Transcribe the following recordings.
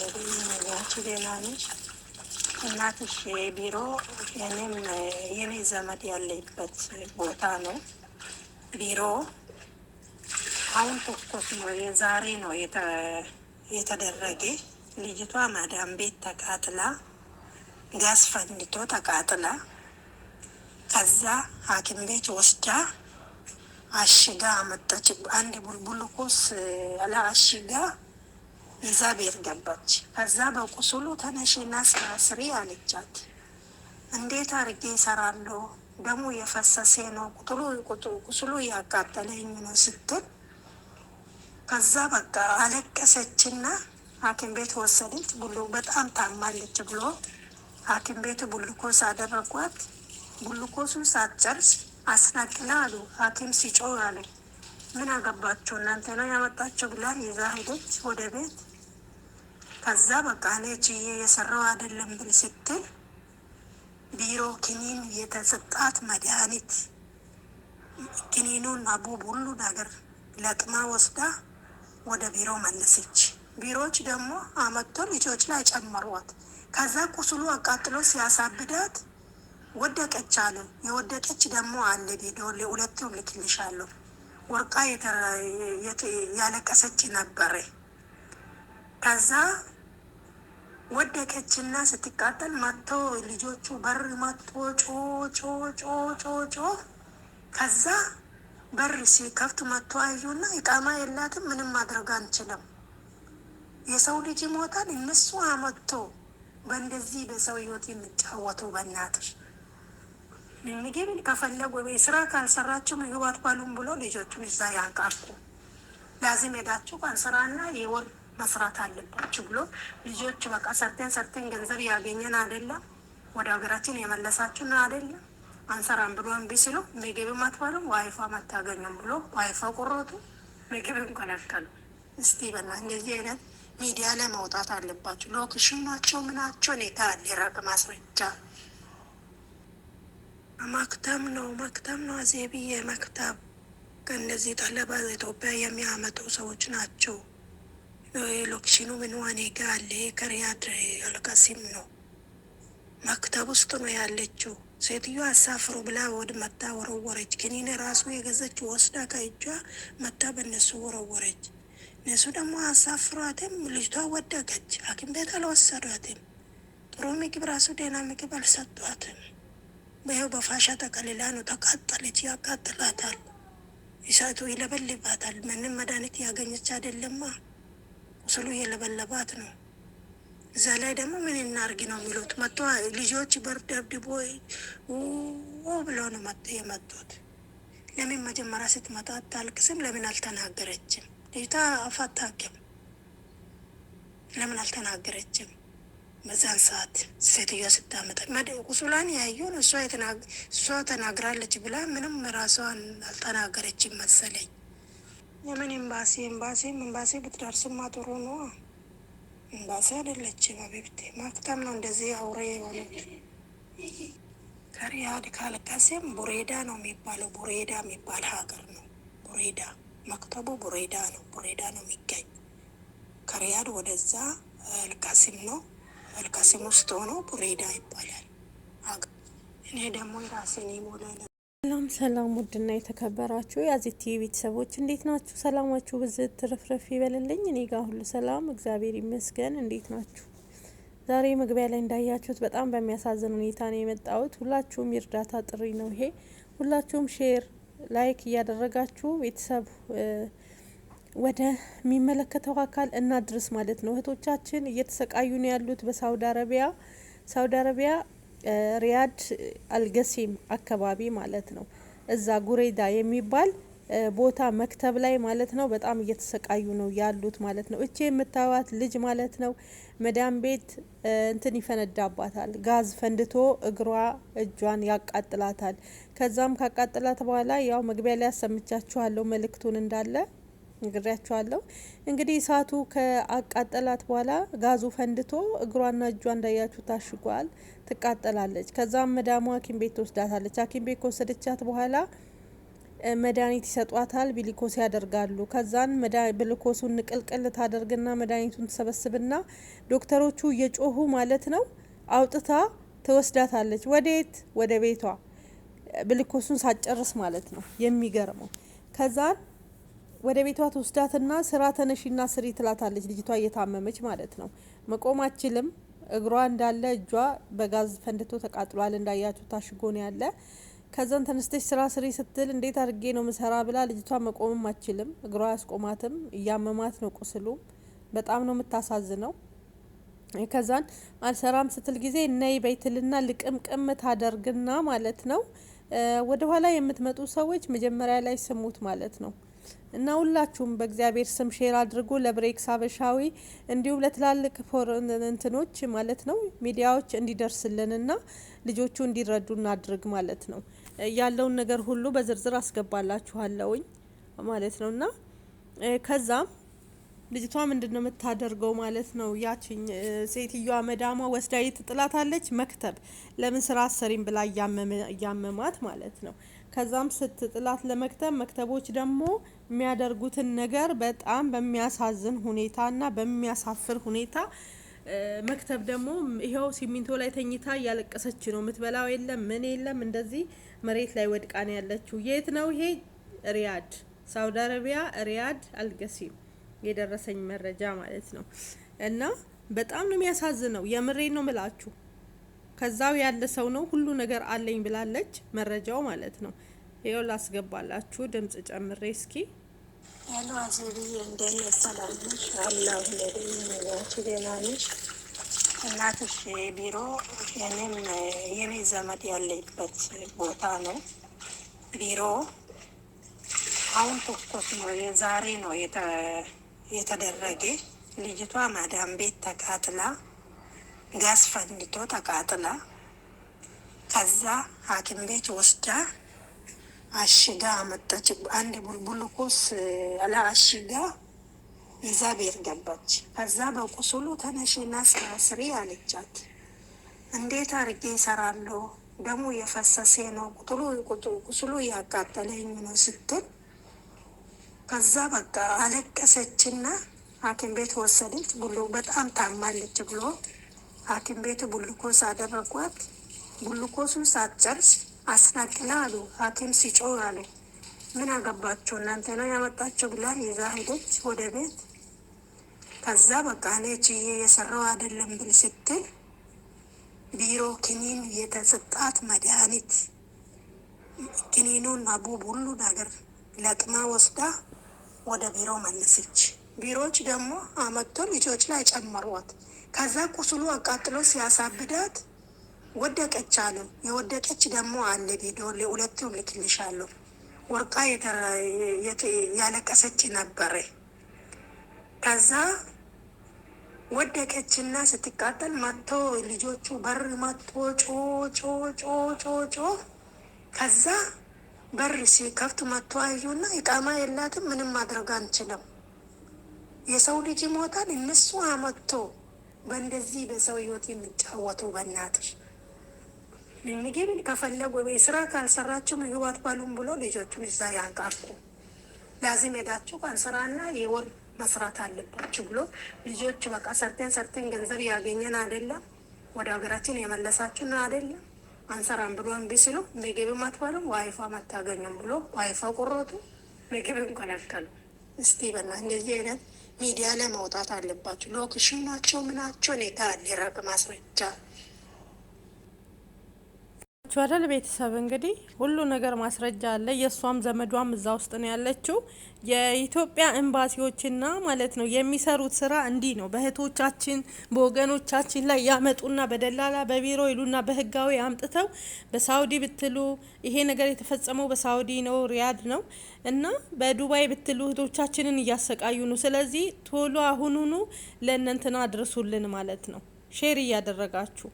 ነገራችን ሌላ ነች። እናትሽ ቢሮ እኔም የኔ ዘመድ ያለበት ቦታ ነው ቢሮ። አሁን ተኮስ ነው የዛሬ ነው የተደረገ። ልጅቷ ማዳም ቤት ተቃጥላ ጋዝ ፈንድቶ ተቃጥላ ከዛ ሐኪም ቤት ወስዳ አሽጋ አመጣች። አንድ ቡልቡልኮስ አላ አሽጋ ይዛ ቤት ገባች። ከዛ በቁስሉ ተነሽና ስራ ስሪ አለቻት። እንዴት አርጌ ይሰራለሁ? ደግሞ የፈሰሴ ነው፣ ቁስሉ ያቃጠለኝ ነው ስትል ከዛ በቃ አለቀሰችና ሐኪም ቤት ወሰደች። ቡሉ በጣም ታማለች ብሎ ሐኪም ቤት ቡልኮስ አደረጓት። ቡልኮሱ ሳትጨርስ አስነቅላ አሉ ሐኪም ሲጮህ አለ ምን አገባቸው እናንተ ነው ያመጣቸው ብላ ይዛ ሄደች ወደ ቤት። ከዛ በቃ እኔ ችዬ የሰራው አይደለም ብል ስትል ቢሮ ክኒን የተሰጣት መድኃኒት ክኒኑን አቡብ ሁሉ ነገር ለቅማ ወስዳ ወደ ቢሮ መለሰች። ቢሮዎች ደግሞ አመጥቶ ልጆች ላይ ጨመሯት። ከዛ ቁስሉ አቃጥሎ ሲያሳብዳት ወደቀች አለ የወደቀች ደግሞ አለ ቪዲዮ ሁለቱም ልክልሻለሁ። ወርቃ ያለቀሰች ነበረ ከዛ ወደቀችና ስትቃጠል መጥቶ ልጆቹ በር መጥቶ ጮ ከዛ በር ሲከፍት መጥቶ አዩና እቃማ የላትም ምንም ማድረግ አንችልም፣ የሰው ልጅ ይሞታል። እነሱ አመጥቶ በእንደዚህ በሰው ህይወት የሚጫወቱ በእናትሽ ምግብ ከፈለጉ ስራ ካልሰራችሁ ምግብ አትበሉም ብሎ ልጆቹ እዛ ያንቃርኩ ላዚም ሄዳችሁ ቀን ስራና የወር መስራት አለባችሁ ብሎ ልጆች በቃ ሰርተን ሰርተን ገንዘብ ያገኘን አይደለም ወደ ሀገራችን የመለሳችሁን አይደለም አንሰራም ብሎ እምቢ ሲሉ ምግብ አትበሉም፣ ዋይፋ አታገኙም ብሎ ዋይፋ ቆረጡ፣ ምግብም ከለከሉ። እስቲ በላ እንደዚህ አይነት ሚዲያ ላይ መውጣት አለባችሁ። ናቸው ምናቸው ኔታ ሊራቅ ማስረጃ መክተም ነው መክተም ነው አዜብዬ መክተብ ከእነዚህ ጠለባ ኢትዮጵያ የሚያመጡ ሰዎች ናቸው። ሎኬሽኑ ምን ዋኔ ጋ አለ ከሪያድ አልቃሲም ነው መክተብ ውስጥ ነው ያለችው። ሴትዮ አሳፍሩ ብላ ወድ መታ ወረወረች። ክኒን ራሱ የገዘች ወስዳ ከእጇ መታ በነሱ ወረወረች። እነሱ ደግሞ አሳፍሯትም ልጅቷ ወደቀች። ሐኪም ቤት አልወሰዷትም። ጥሩ ምግብ ራሱ ደህና ምግብ አልሰጧትም። በይው በፋሻ ተቀልላ ነው ተቃጠለች። ያቃጥላታል፣ እሳቱ ይለበልባታል። ምንም መድኃኒት ያገኘች አይደለማ። ስሉ የለበለባት ነው። እዛ ላይ ደግሞ ምን እናርግ ነው የሚሉት። መጥቶ ልጆች በርደብድቦ ደብድቦ ብለው ነው የመጡት። ለምን መጀመሪያ ስትመጣ አታልቅስም? ለምን አልተናገረችም? ልጅቷ አፋታቅም ለምን አልተናገረችም? በዛን ሰዓት ሴትዮ ስታመጣ ቁስሏን ያዩን እሷ ተናግራለች ብላ ምንም ራሷን አልተናገረችም መሰለኝ። የምን ኤምባሲ ኤምባሲም ኤምባሲ ብትደርስማ ጥሩ ነው። ኤምባሲ አይደለችም ሀቢብቴ ማክተም ነው። እንደዚህ አውሬ የሆነች ከሪያድ ካልቀሴም ቡሬዳ ነው የሚባለው። ቡሬዳ የሚባል ሀገር ነው። ቡሬዳ መክተቡ ቡሬዳ ነው። ቡሬዳ ነው የሚገኝ ከሪያድ ወደዛ አልቃሲም ነው። አልቃሲም ውስጥ ሆኖ ቡሬዳ ይባላል። እኔ ደግሞ የራሴን ይሞላል ሰላም ሰላም፣ ውድና የተከበራችሁ ቲቪ ቤተሰቦች እንዴት ናችሁ? ሰላማችሁ ብዝት ትርፍርፍ ይበልልኝ። እኔ ጋር ሁሉ ሰላም እግዚአብሔር ይመስገን። እንዴት ናችሁ? ዛሬ መግቢያ ላይ እንዳያችሁት በጣም በሚያሳዝን ሁኔታ ነው የመጣሁት። ሁላችሁም የእርዳታ ጥሪ ነው ይሄ። ሁላችሁም ሼር፣ ላይክ እያደረጋችሁ ቤተሰብ ወደ ሚመለከተው አካል እናድርስ ማለት ነው። እህቶቻችን እየተሰቃዩ ነው ያሉት በሳውዲ አረቢያ ሳውዲ አረቢያ ሪያድ አልገሲም አካባቢ ማለት ነው። እዛ ጉሬዳ የሚባል ቦታ መክተብ ላይ ማለት ነው በጣም እየተሰቃዩ ነው ያሉት ማለት ነው። እቺ የምታዩት ልጅ ማለት ነው መዳም ቤት እንትን ይፈነዳባታል። ጋዝ ፈንድቶ እግሯ እጇን ያቃጥላታል። ከዛም ካቃጥላት በኋላ ያው መግቢያ ላይ ያሰምቻችኋለሁ መልእክቱን እንዳለ ነግሬያቸዋለሁ። እንግዲህ እሳቱ ከአቃጠላት በኋላ ጋዙ ፈንድቶ እግሯና እጇ እንዳያችሁ ታሽጓል፣ ትቃጠላለች። ከዛም መዳሙ ሐኪም ቤት ትወስዳታለች። ሐኪም ቤት ከወሰደቻት በኋላ መድኃኒት ይሰጧታል፣ ቢሊኮስ ያደርጋሉ። ከዛን ብልኮሱን ንቅልቅል ታደርግና መድኃኒቱን ትሰበስብና ዶክተሮቹ እየጮሁ ማለት ነው አውጥታ ትወስዳታለች። ወዴት? ወደ ቤቷ ብልኮሱን ሳጨርስ ማለት ነው። የሚገርመው ከዛን ወደ ቤቷ ትወስዳትና ስራ ተነሽና ስሪ ትላታለች። ልጅቷ እየታመመች ማለት ነው። መቆም አችልም። እግሯ እንዳለ እጇ በጋዝ ፈንድቶ ተቃጥሏል። እንዳያችሁ ታሽጎ ነው ያለ። ከዛን ተነስተች ስራ ስሪ ስትል እንዴት አድርጌ ነው ምሰራ ብላ ልጅቷ መቆምም አችልም። እግሯ አያስቆማትም። እያመማት ነው። ቁስሉ። በጣም ነው የምታሳዝነው። ከዛን አልሰራም ስትል ጊዜ እነይ በይትልና ልቅምቅም ታደርግና ማለት ነው። ወደ ኋላ የምትመጡ ሰዎች መጀመሪያ ላይ ስሙት ማለት ነው። እና ሁላችሁም በእግዚአብሔር ስም ሼር አድርጎ ለብሬክስ አበሻዊ እንዲሁም ለትላልቅ እንትኖች ማለት ነው ሚዲያዎች እንዲደርስልንና ልጆቹ እንዲረዱ እናድርግ ማለት ነው። ያለውን ነገር ሁሉ በዝርዝር አስገባላችኋለውኝ ማለት ነው። እና ከዛም ልጅቷ ምንድን ነው የምታደርገው ማለት ነው። ያችኝ ሴትዮዋ መዳሟ ወስዳ ትጥላታለች መክተብ ለምን ስራ አሰሪም ብላ እያመማት ማለት ነው። ከዛም ስትጥላት ለመክተብ መክተቦች ደግሞ የሚያደርጉትን ነገር በጣም በሚያሳዝን ሁኔታ እና በሚያሳፍር ሁኔታ መክተብ ደግሞ ይኸው ሲሚንቶ ላይ ተኝታ እያለቀሰች ነው። የምትበላው የለም ምን የለም፣ እንደዚህ መሬት ላይ ወድቃ ነው ያለችው። የት ነው ይሄ? ሪያድ ሳውዲ አረቢያ ሪያድ አልገሲም የደረሰኝ መረጃ ማለት ነው። እና በጣም ነው የሚያሳዝነው። የምሬ ነው ምላችሁ ከዛው ያለ ሰው ነው ሁሉ ነገር አለኝ ብላለች። መረጃው ማለት ነው። ይኸው ላስገባላችሁ ድምጽ ጨምሬ እስኪ ያሉ አዜብዬ እንደምን ሰላምሽ አላሁ ለደኝነች ደህና ነሽ? እናትሽ ቢሮ እኔም የኔ ዘመድ ያለበት ቦታ ነው ቢሮ። አሁን ትኩስ ነው፣ የዛሬ ነው የተደረገ። ልጅቷ ማዳም ቤት ተቃጥላ ጋዝ ፈንድቶ ተቃጥላ ከዛ ሐኪም ቤት ወስዳ አሽጋ አመጣች። አንድ ቡልቡልኩስ ለአሽጋ ይዛ ቤት ገባች። ከዛ በቁስሉ ተነሽና ስራ ስሪ አለቻት። እንዴት አርጌ ይሰራለሁ? ደሙ የፈሰሴ ነው፣ ቁስሉ እያቃጠለኝ ነው ስትል ከዛ በቃ አለቀሰችና ሐኪም ቤት ወሰደች። ብሎ በጣም ታማለች ብሎ ሐኪም ቤት ቡልኮስ አደረጓት። ቡልኮሱን ሳትጨርስ አስናቅላ አሉ። ሐኪም ሲጮህ አሉ ምን አገባቸው እናንተ ነው ያመጣቸው ብላ ይዛ ሄደች ወደ ቤት። ከዛ በቃ እኔ ችዬ የሰራው አይደለም ብል ስትል ቢሮ ክኒን የተሰጣት መድኃኒት ክኒኑን አቡብ ሁሉ ነገር ለቅማ ወስዳ ወደ ቢሮ መለሰች። ቢሮዎች ደግሞ አመጥቶ ልጆች ላይ ጨመሯት። ከዛ ቁስሉ አቃጥሎ ሲያሳብዳት ወደቀች አለ። የወደቀች ደግሞ አለ ቪዲዮ ለሁለቱም ልክልሻለሁ። ወርቃ ያለቀሰች ነበረ። ከዛ ወደቀችና ስትቃጠል መጥቶ ልጆቹ በር መጥቶ ጮጮጮጮጮ ከዛ በር ሲከፍት መጥቶ አዩና እቃማ የላትም ምንም ማድረግ አንችልም፣ የሰው ልጅ ይሞታል። እነሱ አመጥቶ በእንደዚህ በሰው ህይወት የሚጫወቱ በእናትሽ ምግብ ከፈለጉ ወይ ስራ ካልሰራችሁ ምግብ አትበሉም ብሎ ልጆቹን እዛ ያንቃቁ። ላዚም ሄዳችሁ ቀን ስራና የወር መስራት አለባችሁ ብሎ ልጆች በቃ ሰርተን ሰርተን ገንዘብ ያገኘን አይደለም ወደ ሀገራችን የመለሳችሁን አይደለም አንሰራም ብሎ እምቢ ሲሉ ምግብ አትበሉም ዋይፋ አታገኙም ብሎ ዋይፋ ቁረጡ፣ ምግብም ከለከሉ። እስቲ በና እንደዚህ አይነት ሚዲያ ላይ መውጣት አለባቸው። ሎኬሽናቸው ምናቸው ኔታ ሊራቅ ማስረጃ ቸዋደል ቤተሰብ እንግዲህ ሁሉ ነገር ማስረጃ አለ። የእሷም ዘመዷም እዛ ውስጥ ነው ያለችው። የኢትዮጵያ ኤምባሲዎችና ማለት ነው የሚሰሩት ስራ እንዲህ ነው። በእህቶቻችን በወገኖቻችን ላይ ያመጡና በደላላ በቢሮ ይሉና በህጋዊ አምጥተው በሳውዲ ብትሉ ይሄ ነገር የተፈጸመው በሳውዲ ነው ሪያድ ነው እና በዱባይ ብትሉ እህቶቻችንን እያሰቃዩ ነው። ስለዚህ ቶሎ አሁኑኑ ለእነንትና አድርሱልን ማለት ነው። ሼር እያደረጋችሁ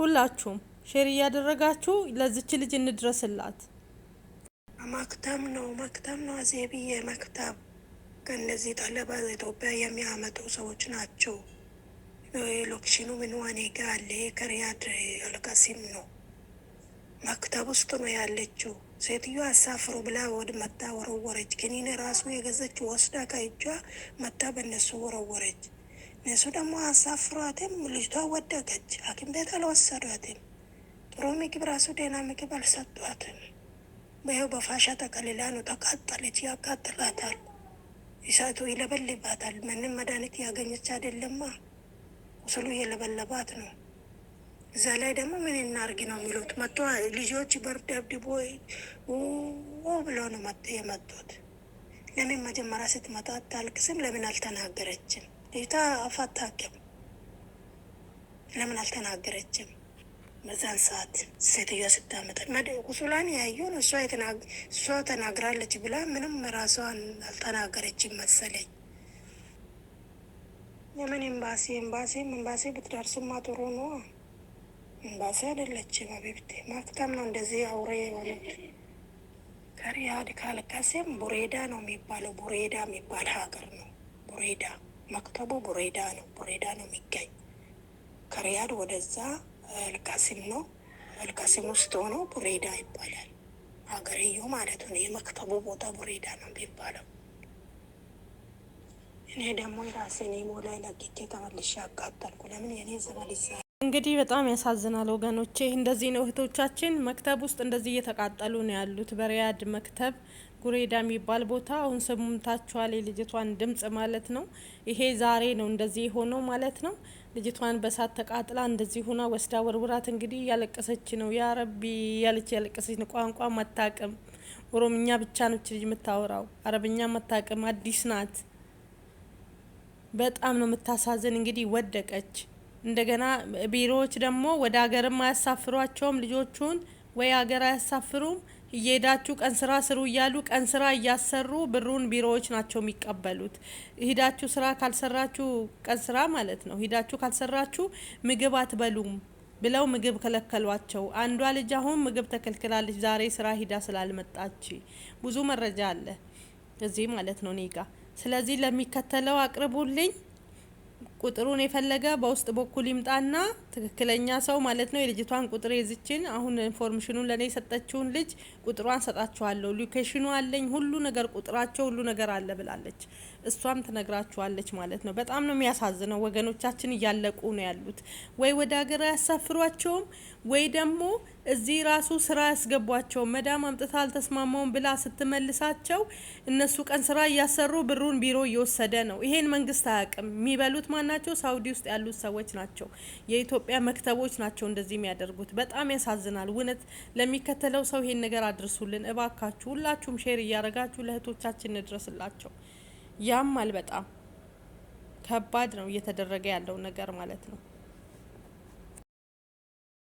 ሁላችሁም ሼር እያደረጋችሁ ለዚች ልጅ እንድረስላት። መክተብ ነው መክተብ ነው አዜብዬ መክተብ ከእነዚህ ጠለባ ኢትዮጵያ የሚያመጡ ሰዎች ናቸው። ሎክሽኑ ምን ዋኔ ጋ አለ ከሪያድ አልቀሲም ነው መክተብ ውስጥ ነው ያለችው። ሴትዮ አሳፍሩ ብላ ወድ መታ ወረወረች። ግኒን ራሱ የገዘች ወስዳ ከእጇ መታ በነሱ ወረወረች። እነሱ ደግሞ አሳፍሯትም ልጅቷ ወደቀች። ሐኪም ቤት አልወሰዷትም። ጥሩ ምግብ ራሱ ደህና ምግብ አልሰጧትም። በይኸው በፋሻ ተቀልላ ነው ተቃጠለች። ያቃጥላታል፣ እሳቱ ይለበልባታል። ምንም መድኃኒት ያገኘች አይደለማ፣ ቁስሉ የለበለባት ነው። እዛ ላይ ደግሞ ምን እናርግ ነው የሚሉት። መጥቶ ልጆች በር ው ብለው ነው መጥ የመጡት። ለምን መጀመሪያ ስትመጣ አታልቅስም? ለምን አልተናገረችም? ልጅቷ አፋታክም ለምን አልተናገረችም? በዛን ሰዓት ሴትዮዋ ስታመጣ ቁስሏን ያየውን እሷ እሷ ተናግራለች ብላ ምንም ራሷን አልተናገረችም መሰለኝ። የምን ኤምባሲ ኤምባሲ ኤምባሲ ብትደርስማ ጥሩ ነው። ኤምባሲ አይደለችም አቤብቴ ማክታም ነው። እንደዚህ አውሬ የሆነ ከሪያድ ካልካሴም ቡሬዳ ነው የሚባለው። ቡሬዳ የሚባል ሀገር ነው። ቡሬዳ መክተቡ ቡሬዳ ነው። ቡሬዳ ነው የሚገኝ ከሪያድ ወደዛ አልቃሲም ነው። አልቃሲም ውስጥ ሆኖ ቡሬዳ ይባላል ሀገርየው ማለት ነው። የመክተቡ ቦታ ቡሬዳ ነው የሚባለው። እኔ ደግሞ የራሴን ኢሞ ላይ ለቅቄ ተመልሼ አቃጠልኩ። ለምን የኔ ዘመድ ይዛል። እንግዲህ በጣም ያሳዝናል ወገኖቼ። እንደዚህ ነው እህቶቻችን መክተብ ውስጥ እንደዚህ እየተቃጠሉ ነው ያሉት። በሪያድ መክተብ ጉሬዳ የሚባል ቦታ አሁን ስሙምታችኋል። የልጅቷን ድምጽ ማለት ነው። ይሄ ዛሬ ነው እንደዚህ የሆነው ማለት ነው። ልጅቷን በሳት ተቃጥላ እንደዚህ ሆና ወስዳ ወርውራት እንግዲህ እያለቀሰች ነው። ያ ረቢ ያለች ያለቀሰች ነው። ቋንቋ መታቅም ኦሮምኛ ብቻ ነች ልጅ የምታወራው፣ አረብኛ መታቅም አዲስ ናት። በጣም ነው የምታሳዝን። እንግዲህ ወደቀች። እንደገና ቢሮዎች ደግሞ ወደ ሀገርም አያሳፍሯቸውም ልጆቹን ወይ ሀገር አያሳፍሩም እየሄዳችሁ ቀን ስራ ስሩ እያሉ ቀን ስራ እያሰሩ ብሩን ቢሮዎች ናቸው የሚቀበሉት። ሂዳችሁ ስራ ካልሰራችሁ ቀን ስራ ማለት ነው። ሂዳችሁ ካልሰራችሁ ምግብ አትበሉም ብለው ምግብ ከለከሏቸው። አንዷ ልጅ አሁን ምግብ ተከልክላለች፣ ዛሬ ስራ ሂዳ ስላልመጣች። ብዙ መረጃ አለ እዚህ ማለት ነው ኔጋ። ስለዚህ ለሚከተለው አቅርቡልኝ። ቁጥሩን የፈለገ በውስጥ በኩል ይምጣና ትክክለኛ ሰው ማለት ነው። የልጅቷን ቁጥር የዝችን አሁን ኢንፎርሜሽኑን ለእኔ የሰጠችውን ልጅ ቁጥሯን ሰጣችኋለሁ፣ ሎኬሽኑ አለኝ፣ ሁሉ ነገር ቁጥራቸው፣ ሁሉ ነገር አለ ብላለች። እሷም ትነግራችኋለች ማለት ነው። በጣም ነው የሚያሳዝነው። ወገኖቻችን እያለቁ ነው ያሉት። ወይ ወደ ሀገር አያሳፍሯቸውም፣ ወይ ደግሞ እዚህ ራሱ ስራ ያስገቧቸው መዳም አምጥታ አልተስማማውም ብላ ስትመልሳቸው እነሱ ቀን ስራ እያሰሩ ብሩን ቢሮ እየወሰደ ነው። ይሄን መንግስት አያውቅም። የሚበሉት ማናቸው? ሳውዲ ውስጥ ያሉት ሰዎች ናቸው። የኢትዮጵያ መክተቦች ናቸው እንደዚህ የሚያደርጉት። በጣም ያሳዝናል። እውነት ለሚከተለው ሰው ይሄን ነገር አድርሱልን እባካችሁ። ሁላችሁም ሼር እያደረጋችሁ ለእህቶቻችን እንድረስላቸው። ያማል። በጣም ከባድ ነው እየተደረገ ያለው ነገር ማለት ነው።